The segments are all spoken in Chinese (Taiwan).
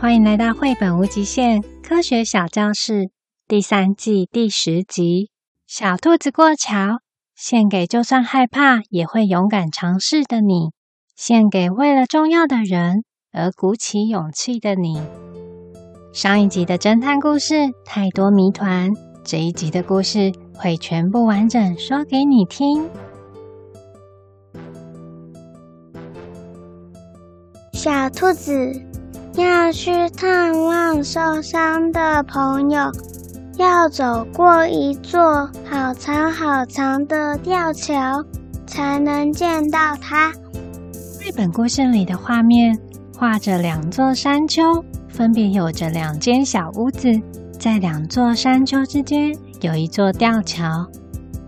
歡迎來到繪本無極限科學小教室第三季第十集《小兔子過橋》。獻給就算害怕也會勇敢嘗試的你，獻給為了重要的人而鼓起勇氣的你。上一集的偵探故事太多謎團，這一集的故事會全部完整說給你聽。小兔子要去探望受傷的朋友。要走過一座好長好長的吊橋，才能見到它。繪本故事裡的畫面畫着兩座山丘，分別有着兩間小屋子，在兩座山丘之間有一座吊橋。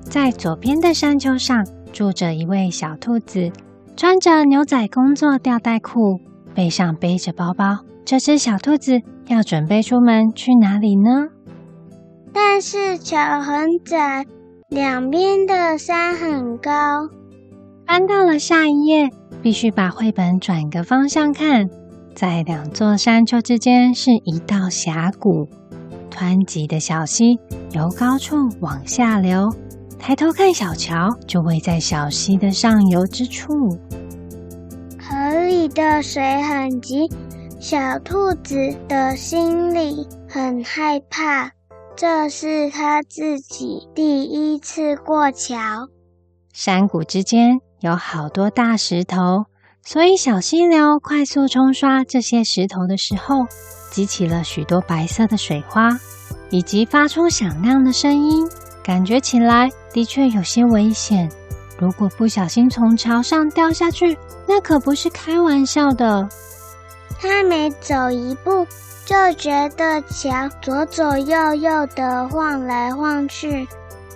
在左邊的山丘上住着一位小兔子，穿着牛仔工作吊帶褲，背上背着包包。這隻小兔子要準備出門去哪裡呢？但是橋很窄，兩邊的山很高。翻到了下一頁，必須把繪本轉個方向看。在兩座山丘之間是一道峽谷，湍急的小溪由高處往下流。抬頭看小橋，就位在小溪的上游之處。河裡的水很急，小兔子的心裡很害怕。這是他自己第一次過橋。山谷之間有好多大石頭，所以小溪流快速沖刷這些石頭的時候，激起了許多白色的水花，以及發出響亮的聲音。感覺起來的確有些危險。如果不小心從橋上掉下去，那可不是開玩笑的。他每走一步，就覺得橋左左右右的晃來晃去，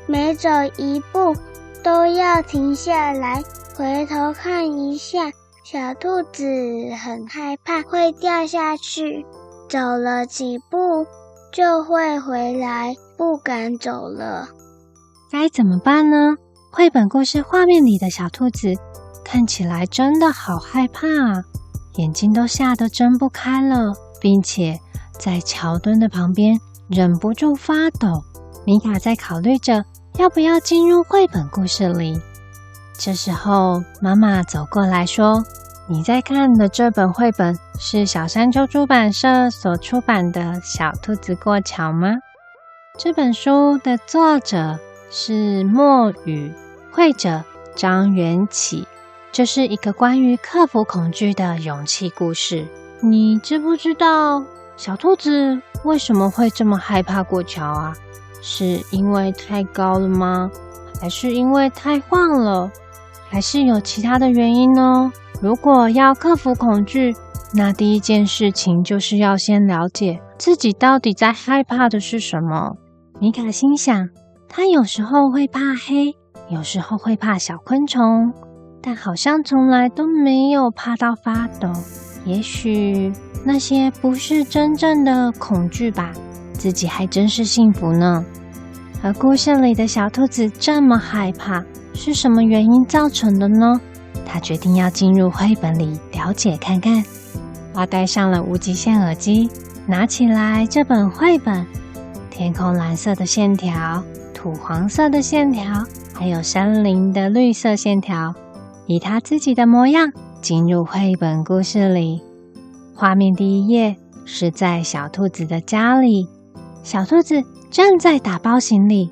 每走一步都要停下來回頭看一下。小兔子很害怕會掉下去，走了幾步就會回來，不敢走了。該怎麼辦呢？繪本故事畫面裡的小兔子看起來真的好害怕啊！眼睛都嚇得睜不開了，並且在橋墩的旁邊忍不住發抖。米卡在考慮着要不要進入繪本故事裡。這時候，媽媽走過來說：“你在看的這本繪本是小山丘出版社所出版的《小兔子過橋》嗎？這本書的作者是墨雨，繪者張元綺。”這是一個關於克服恐懼的勇氣故事。你知不知道小兔子為什麼會這麼害怕過橋啊？是因為太高了嗎？還是因為太晃了？還是有其他的原因呢？如果要克服恐懼，那第一件事情就是要先了解自己到底在害怕的是什麼。米卡心想，他有時候會怕黑，有時候會怕小昆蟲。但好像從來都沒有怕到發抖，也許那些不是真正的恐懼吧，自己還真是幸福呢。而故事裡的小兔子這麼害怕，是什麼原因造成的呢？他決定要進入繪本裡了解看看。他戴上了無極限耳機，拿起來這本繪本。天空藍色的線條，土黃色的線條，還有山林的綠色線條。以他自己的模樣進入繪本故事裡。畫面第一頁是在小兔子的家裡，小兔子正在打包行李。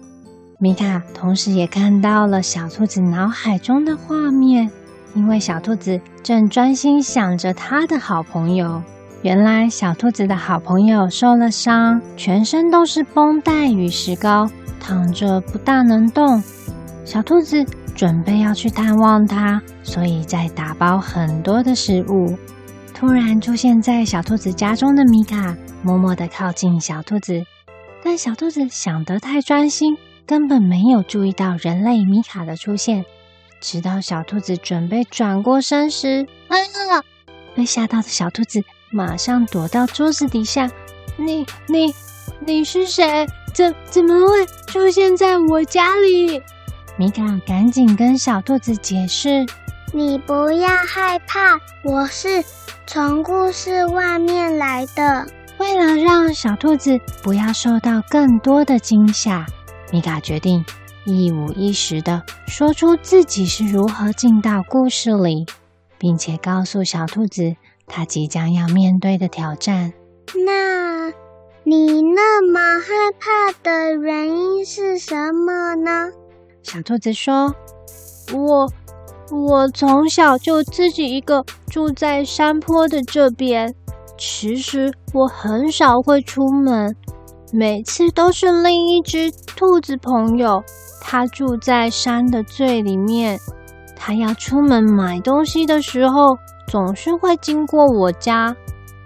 米卡同時也看到了小兔子腦海中的畫面，因為小兔子正專心想着他的好朋友。原來小兔子的好朋友受了傷，全身都是繃帶與石膏，躺着不大能動。小兔子準備要去探望它，所以在打包很多的食物。突然出現在小兔子家中的米卡，默默地靠近小兔子。但小兔子想得太專心，根本沒有注意到人類米卡的出現。直到小兔子準備轉過身時，哎呀，被嚇到的小兔子馬上躲到桌子底下。你、你、你是誰？怎怎麼會出現在我家裡？米卡趕緊跟小兔子解釋：“你不要害怕，我是從故事外面來的。”為了讓小兔子不要受到更多的驚嚇，米卡決定一五一十的說出自己是如何進到故事裡，並且告訴小兔子他即將要面對的挑戰。“那，你那麼害怕的原因是什麼呢？”小兔子說：“我，我從小就自己一個住在山坡的這邊。其實我很少會出門，每次都是另一隻兔子朋友。他住在山的最裡面。他要出門買東西的時候，總是會經過我家。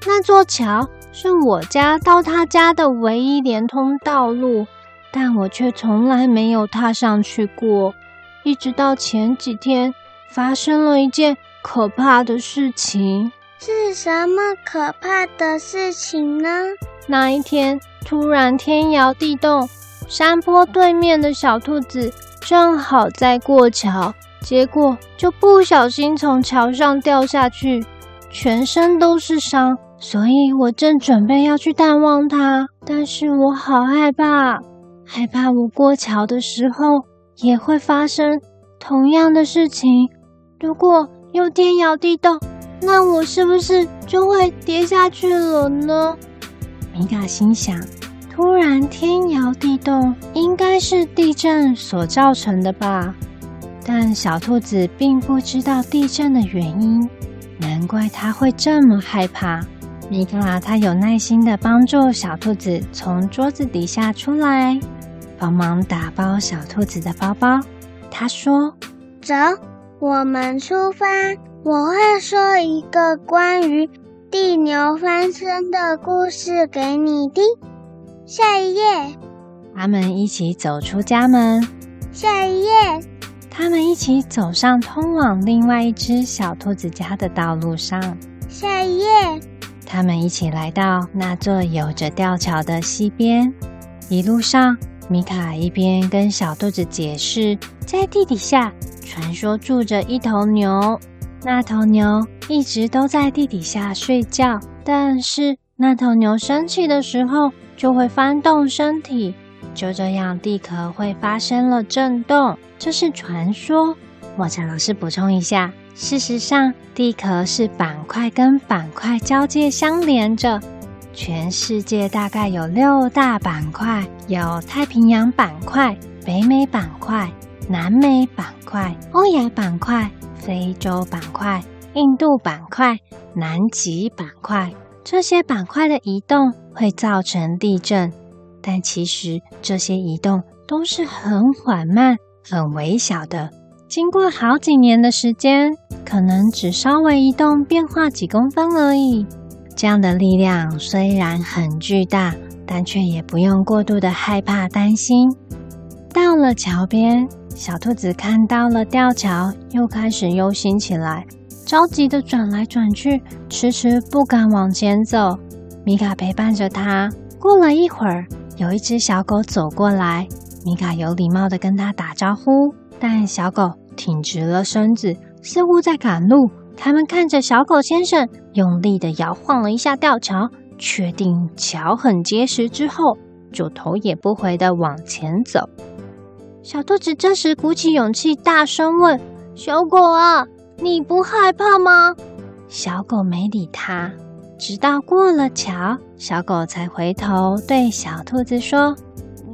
那座橋是我家到他家的唯一連通道路。”但我卻從來沒有踏上去過，一直到前幾天發生了一件可怕的事情。是什麼可怕的事情呢？那一天突然天搖地動，山坡對面的小兔子正好在過橋，結果就不小心從橋上掉下去，全身都是傷。所以我正準備要去探望它，但是我好害怕。害怕我過橋的時候也會發生同樣的事情。如果又天搖地動，那我是不是就會跌下去了呢？米卡心想。突然天搖地動，應該是地震所造成的吧。但小兔子並不知道地震的原因，難怪它會這麼害怕。米卡他有耐心地幫助小兔子從桌子底下出來，幫忙打包小兔子的包包。他說：“走，我們出發！我會說一個關於地牛翻身的故事給你聽。”下一頁，他們一起走出家門。下一頁，他們一起走上通往另外一隻小兔子家的道路上。下一頁，他們一起來到那座有着吊橋的溪邊。一路上，米卡一邊跟小兔子解釋，在地底下傳說住着一頭牛，那頭牛一直都在地底下睡覺，但是那頭牛生氣的時候就會翻動身體，就這樣地殼會發生了震動。這是傳說。抹茶老師補充一下，事實上，地殼是板塊跟板塊交界相連着。全世界大概有六大板塊，有太平洋板塊、北美板塊、南美板塊、歐亞板塊、非洲板塊、印度板塊、南極板塊。這些板塊的移動會造成地震，但其實這些移動都是很緩慢、很微小的。經過好幾年的時間，可能只稍微移動變化幾公分而已。這樣的力量雖然很巨大，但卻也不用過度的害怕擔心。到了橋邊，小兔子看到了吊橋，又開始憂心起來，着急的轉來轉去，遲遲不敢往前走。米卡陪伴着它，過了一會兒，有一隻小狗走過來，米卡有禮貌的跟它打招呼，但小狗挺直了身子，似乎在趕路。他們看着小狗先生用力地搖晃了一下吊橋，確定橋很結實之後，就頭也不回地往前走。小兔子這時鼓起勇氣，大聲問：“小狗啊，你不害怕嗎？”小狗沒理它，直到過了橋，小狗才回頭對小兔子說：“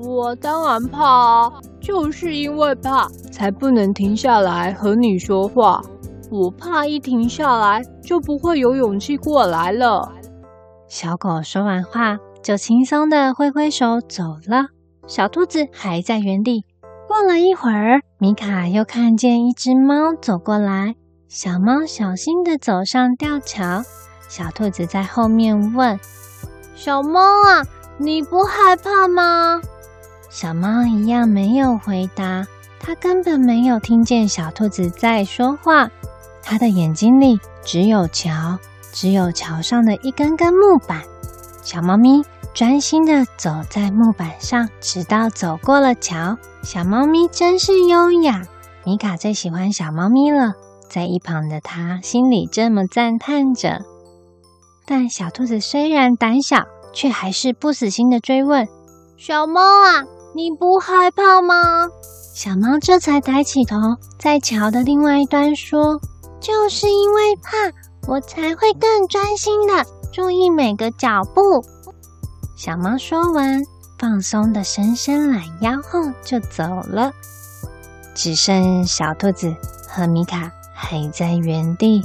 我當然怕啊，就是因為怕，才不能停下來和你說話。”我怕一停下來，就不會有勇氣過來了。小狗說完話，就輕鬆地揮揮手走了。小兔子還在原地。過了一會兒，米卡又看見一隻貓走過來。小貓小心地走上吊橋。小兔子在後面問：“小貓啊，你不害怕嗎？”小貓一樣沒有回答，它根本沒有聽見小兔子在說話。他的眼睛裡只有橋，只有橋上的一根根木板。小貓咪專心地走在木板上，直到走過了橋。小貓咪真是優雅。米卡最喜歡小貓咪了，在一旁的他心裡這麼讚嘆着。但小兔子雖然膽小，卻還是不死心地追問：“小貓啊，你不害怕嗎？”小貓這才抬起頭，在橋的另外一端說。就是因為怕，我才會更專心的注意每個腳步。小貓說完，放鬆的伸伸懶腰後就走了，只剩小兔子和米卡還在原地。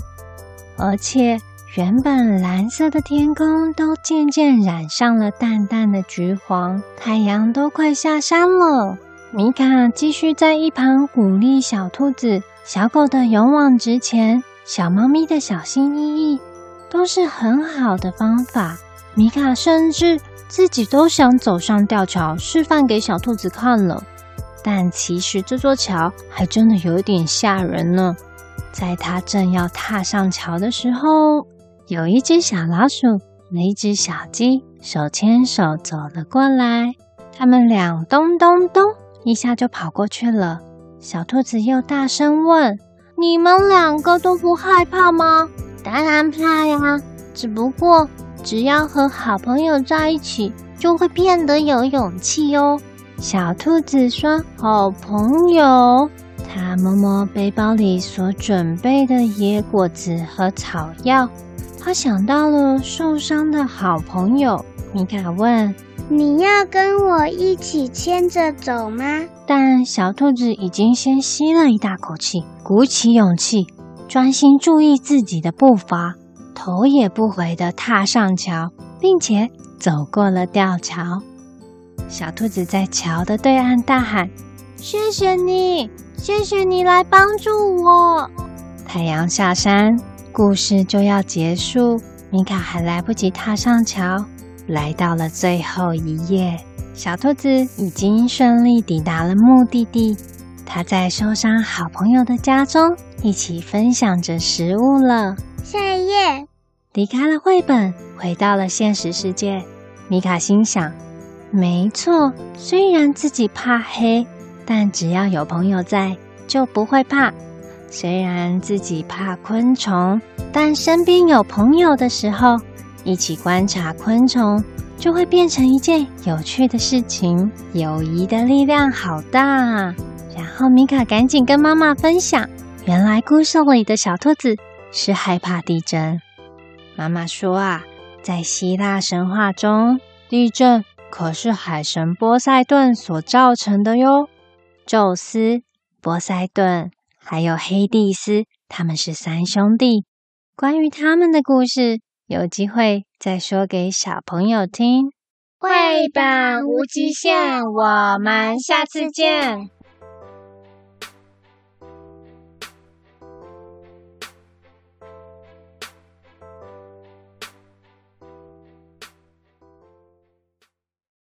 而且，原本藍色的天空都漸漸染上了淡淡的橘黃，太陽都快下山了。米卡繼續在一旁鼓勵小兔子。小狗的勇往直前，小貓咪的小心翼翼，都是很好的方法。米卡甚至自己都想走上吊橋，示範給小兔子看了。但其實這座橋還真的有點嚇人呢。在他正要踏上橋的時候，有一隻小老鼠，和一隻小雞，手牽手走了過來。他們倆咚咚咚一下就跑過去了。小兔子又大聲問：“你們兩個都不害怕嗎？”“當然怕呀，只不過只要和好朋友在一起，就會變得有勇氣喲、哦。”小兔子說：“好朋友。”它摸摸背包裡所準備的野果子和草藥，它想到了受傷的好朋友米卡問。你要跟我一起牽着走嗎？但小兔子已經先吸了一大口氣，鼓起勇氣，專心注意自己的步伐，頭也不回地踏上橋，並且走過了吊橋。小兔子在橋的對岸大喊：“謝謝你，謝謝你來幫助我！”太陽下山，故事就要結束，米卡還來不及踏上橋。來到了最後一頁，小兔子已經順利抵達了目的地。它在受傷好朋友的家中，一起分享着食物了。下一頁，離開了繪本，回到了現實世界。米卡心想：沒錯，雖然自己怕黑，但只要有朋友在，就不會怕。雖然自己怕昆蟲，但身邊有朋友的時候。一起觀察昆蟲，就會變成一件有趣的事情。友誼的力量好大啊。然後米卡趕緊跟媽媽分享，原來故事裡的小兔子是害怕地震。媽媽說啊，在希臘神話中，地震可是海神波塞頓所造成的喲。宙斯、波塞頓還有黑帝斯，他們是三兄弟。關於他們的故事。有機會再說給小朋友聽。繪本無極限，我們下次見。